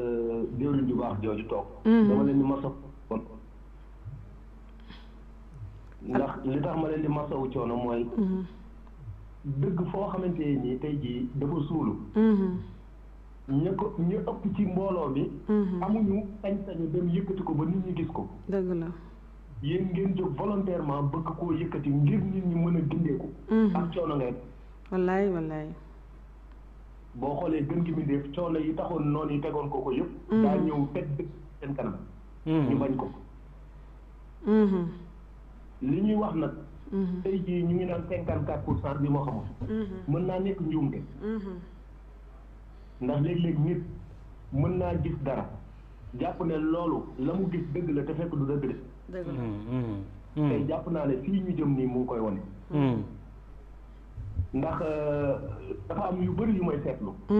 Euh, jëwriñ ju baax jooju toog mhm. dama leen di masawu coono ah. li tax ma leen di masawu coono mooy mhm. dëgg foo xamante nii tey jii dafa suulu mhm. ñu ko ñu ëpp ci mbooloo bi amuñu sañ-sañu dem yëkkati ko ba nit ñi gis ko dëgg la yéen ngeen jóg volontairement bëgg koo yëkkati ngir nit ñi mën a gindeeku ak coono ngay wallaay wallaay boo xoolee gën gi mbindéef coole yi taxoon noonu yi tegoon ko ko yépp mm. daa ñëw teg seen kanam. Mm. ñu bañ ko. Mm-hmm. li ñuy wax nag. Mm-hmm. tey jii ñu ngi naan cinquante quatre pour cent bi moo xamul. Mm-hmm. mën naa nekk njuumte. ndax léeg-léeg nit mën naa gis dara jàpp ne loolu la mu gis dëgg la te fekk du dëgg de. tey jàpp naa ne fii ñu jëm nii mu koy wone mm. ndax euh, dafa am yu bari yu may seetlu. ci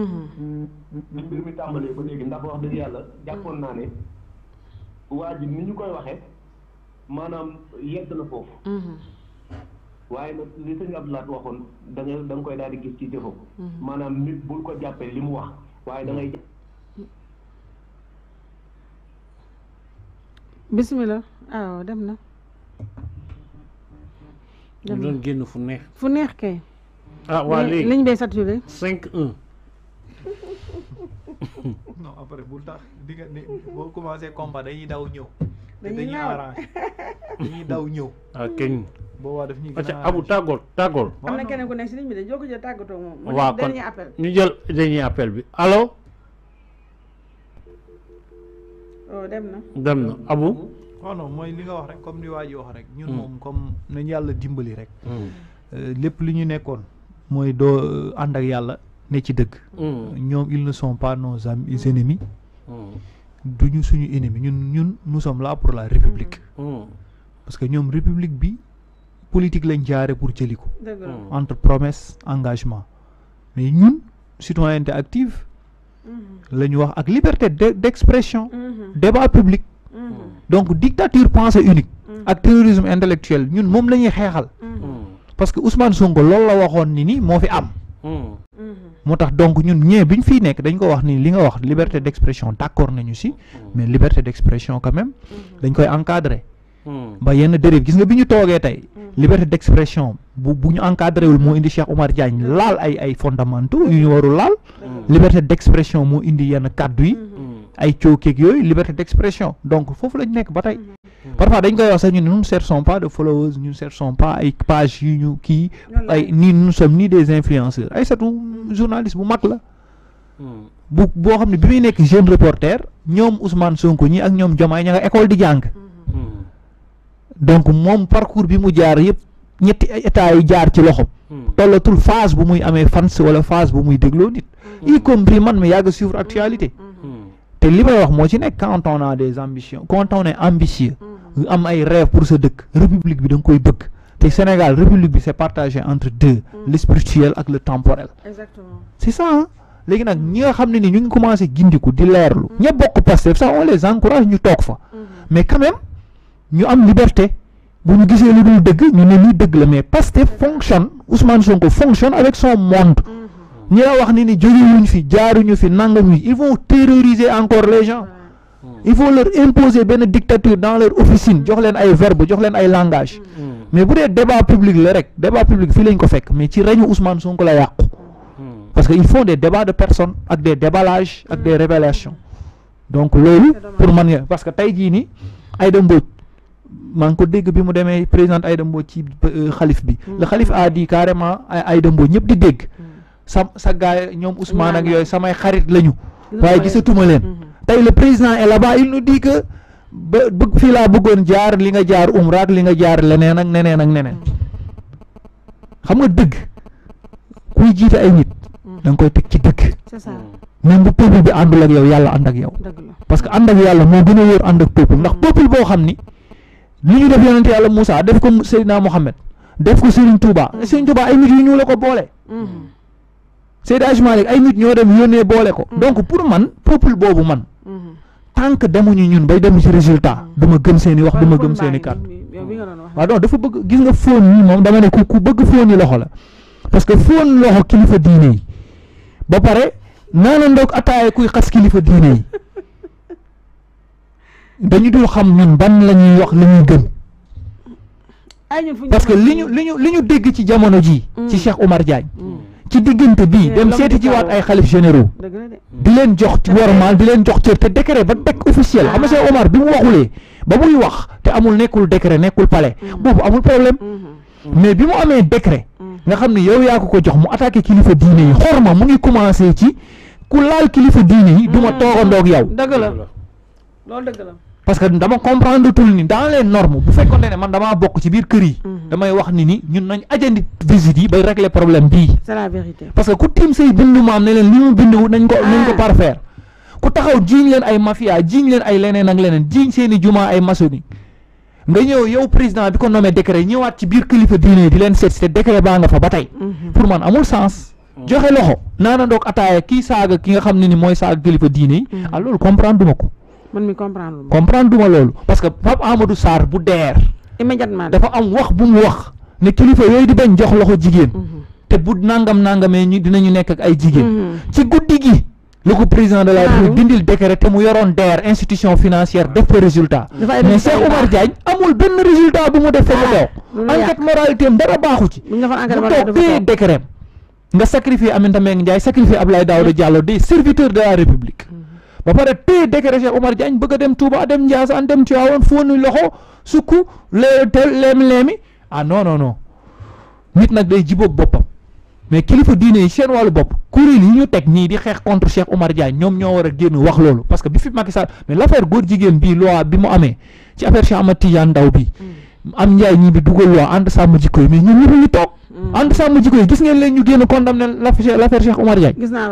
mbir mi tàmbalee ba léegi ndax wax dëgg yàlla jàppoon naa ne waa ni ñu koy waxee maanaam yegg na foofu. Mm-hmm. waaye nag li sëñ Abdoulaye waxoon da nga da koy daal di gis ci jëfam. Mm-hmm. maanaam nit bul ko jàppee li mu wax waaye da ngay. bisimilah waaw dem na. dem na génn fu neex. fu neex kay. ah waa léegi liñ bay saturé. cinq 1. non après bul tax di ni boo commencé combat dañuy daw ñëw. dañuy dañuy arrangé dañuy daw ñëw. ah kenn. boobaa daf ñuy gën a abu tàggool tàggool. am na keneen ku nekk si ligne bi de joo ko jël tàggatoo moom. waaw kon ñu jël dernier appel bi allo. Oh, dem na. dem na abu. waaw oh, non mooy li nga wax rek comme ni waa ji wax rek. ñun hmm. moom comme nañu yàlla dimbali rek. Hmm. Euh, lépp li ñu nekkoon. moy do euh, ànd ak ne ci hmm. ils ne sont pas nos amis hmm. ennemis. Hmm. duñu suñu ennemi ñun ñun nous sommes là pour la république. parce que ñom république bi politique lañ jaaré pour jëli entre promesse engagement mais ñun citoyenneté active. la wax ak liberté d'expression. débat public. donc dictature pensée unique. ak terrorisme intellectuel ñun mom la xéxal parce que Ousmane Sonko lol la waxone ni ni mo fi am. Hmm. Mhm. moo tax donc ñun ñe biñ fi nek dañ ko wax ni li nga wax liberté d'expression expression nañu si hmm. mais liberté d'expression expression quand même mhm. dañ koy encadrer. Hmm. ba yenn dérive gis nga biñu togué tay mhm. liberté d'expression bu buñu encadrer wul mo indi Cheikh Omar Diagne lal ay ay fondamentaux yu ñu waru lal liberté d'expression expression indi yenn cadre yi. ay ciokek yoy liberté d'expression expression donc fofu lañ nekk ba Hmm. parfois dañ koy wax sax nous ne cherchons pas de followers nous ne cherchons pas ay page yu ni nous sommes ni des influenceurs c'est surtout journaliste bu mag hmm. bu bo xamni ne bi muy nekk jeune reporter ñom Ousmane Sonko ñi ak ñom Diomaye ña école di jang hmm. donc mom parcours bi mu jaar yépp ñetti état yi jaar ci loxo tollatul phase bu muy amé fans wala phase bu muy dégloo nit y compris man mi yàgg suivre actualité té li may wax mo ci nek quand on a des ambitions quand on est ambitieux am ay rêve pour sa république bi da koy bëgg Sénégal république c'est partagé entre deux mm. le spirituel le temporel c'est ça on les encourage mm-hmm. mais quand même ñu am liberté bu ñu gisee dul ñu ne lii dëgg la mais Pastef fonctionne Ousmane Sonko fonctionne avec son monde mm-hmm. ñi wax ni ils vont terroriser encore les gens il faut leur imposer une dictature dans leur officine jox leen ay verbe jox ay langage mm. mais pour les débat public la rek débat public fii lañ ko fekk mais ci règne Ousmane Sonko la mm. parce que ils font des débats de personnes avec des déballages avec des révélations donc loolu pour man parce que tey jii ni Aïda Mbodj maa ngi ko dégg bi mu demee présidente Aïda Mbodj ci euh, xalif bi mm. le xalif a dit carrément Aïda Mbodj ñëpp di dégg sa sa gaay ñoom Ousmane ak yooyu samay xarit lañu waaye gisatuma leen mm-hmm. tey le président est là-bas il nous dit ba bëgg fii laa bëggoon jaar li nga jaar umraak li nga jaar leneen ak neneen ak neneen xam nga dëgg kuy jiite ay nit mm. da koy teg ci dëgg même bu peuple bi àndul ak yow yàlla ànd ak yow parce que ànd ak yàlla moo gën a wóor ànd ak peuple ndax mm. peuple boo xam ni li ñu def yonente yàlla Moussa def ko Seydina Mohamed def ko Serigne Touba mm. Serigne Touba ay nit yu ñu la ko boole Seydi Hadji ay nit ñoo dem yónnee boole ko donc pour man peuple boobu man tant que demuñu ñun bay dem ci résultat mm. duma gëm seeni wax duma gëm seeni kat wa do dafa bëgg gis nga fóon yi mom dama ne ku ku bëgg phone yi loxo la parce que fóon loxo kilifa diiné ba paré pare la ndok ataaye kuy xass kilifa diiné dañu dul xam ñun ban lañuy wax lañuy gëm parce que liñu liñu liñu dégg ci jamono ji ci mm. Cheikh Omar Diagne mm. ci diggante bii dem seeti ci waat ay xalif généraux di leen jox ci wormaal di leen jox cër te décret ba dekk officiel xam nga seen Omar bi mu waxulee ba muy wax te amul nekkul décret nekkul palais mm-hmm. boobu amul problème mm-hmm. mais bi mu amee décret mm-hmm. nga xam ne yow yaa ko ko jox mu attaqué kilifa diine yi xorma mu ngi commencé ci ku laal kilifa diine yi du ma toogandoog yow dëgg la loolu dëgg la parce que dama comprendre tout ni dans les normes bu fekkone ne man dama bok ci bir kër yi. Mhm. damay wax ni ni ñun nañ ajandi visite yi bay régler problème bi c'est la vérité parce que ku tim sey bindu maam ne len limu bindu nañ ko nañ ko ah. parfaire ku taxaw jiñ len ay mafia jiñ len ay leneen ak leneen jiñ seen i juma ay masoni nga ñew yow président bi ko nommé décret ñewat ci bir kilifa diiné di len set te décret ba nga fa batay mhm. pour man amul sens. Mhm. joxe loxo Nana dok ataaya ki saga ki nga xamni ne ni moy saaga kilifa diiné yi. ah comprendre duma ko man mi comprendre comprendre duma lolou parce que pap Amadou sar bu deer immédiatement dafa am wax bu mu wax ne kilifa yoy di bañ jox loxo jigen mhm. te bu nangam nangame ñu dinañu nekk ak ay jigen mhm. ci guddi gi le président de la République dindil décret te mu yoron DER institution financière def fa résultat mais Cheikh Oumar Diagne amul ben résultat bu mu def fa ah. lo enquête moralité dara baxu ci mu toog téye décret nga sacrifier Aminata Mbengue ndjay sacrifier Abdoulaye daoudou mm. Diallo di serviteur de la République mm ba pare téye décret Cheikh oumar Diagne bëgg dem Touba dem ndias an dem tiawon fonu loxo suku le tel lem lemi ah non non non nit nak day jibo bopam mais kilifa diine yi seen wàllu bopp kuréel yi ñu tek ni di xex contre Cheikh oumar Diagne ñom ñoo wara genn wax lolu parce que bi fi Macky Sall mais l'affaire goor jigen bi loi bi mu amé ci affaire Cheikh Ahmad Tidiane Ndaw bi mm. am ñay ñi bi duggal loi ànd sàmm jikko mais ñu ñu tok ànd mm. sàmm jikko yi gis ngeen leen ñu génn condamné l'affaire l'affaire Cheikh Omar Diagne. gis naa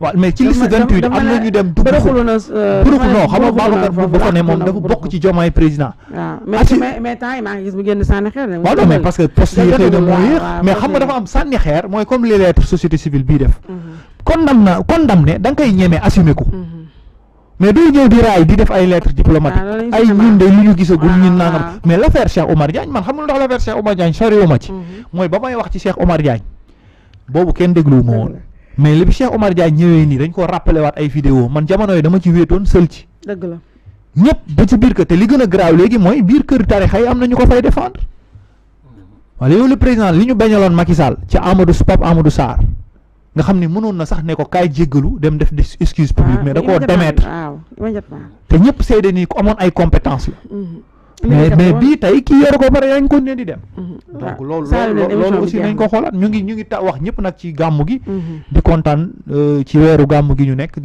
waaw mais ci liste 28 am na ñu dem. dugg ko euh, non xam nga Babacar bu ko ne moom dafa bokk ci Diomaye président. waaw mais ah, mais yi maa ngi gis mu génn sànni xeer. waaw non mais parce que poste yi moo yéex mais xam nga dafa am sànni xeer mooy comme les lettres société civile bii def. Mm-hmm. condamné condamné da nga koy ñeme assumer ko. Mm-hmm. mais day ñëw di ray di def ay lettre diplomatique ay ñun de li ñu gisagul ñun nangam mais l'affaire Cheikh Omar Diagne man xamul ndax l'affaire Cheikh Omar Diagne sori soriwuma ci moy mhm. ba may wax ci Cheikh Omar Diagne bobu kenn deglu mo won mais li Cheikh Omar Diagne ñewé ni dañ ko rappelé wat ay vidéo man jamono dama ci wétone seul ci deug la ñep ba ci bir kër te li gëna a légui moy bir keur tarikh ay amna ñuko fay défendre mhm. wala yow le président li ñu bañalon Macky Sall ci Amadou Pape Amadou Sarr nga xam ne mënoon na sax ne ko kaay jéggalu dem def des excuse publique ah, mais da koo démettre te ñëpp seede nii ko amoon ay compétence la mm-hmm. mais mais bii tey kii yor ko pare yaa ngi continuer di dem mm-hmm. donc loolu loolu aussi nañ ko xoolaat ñu ngi ta wax ñëpp nag ci gàmmu gi mm-hmm. di kontaan euh, ci weeru gàmmu gi ñu nekk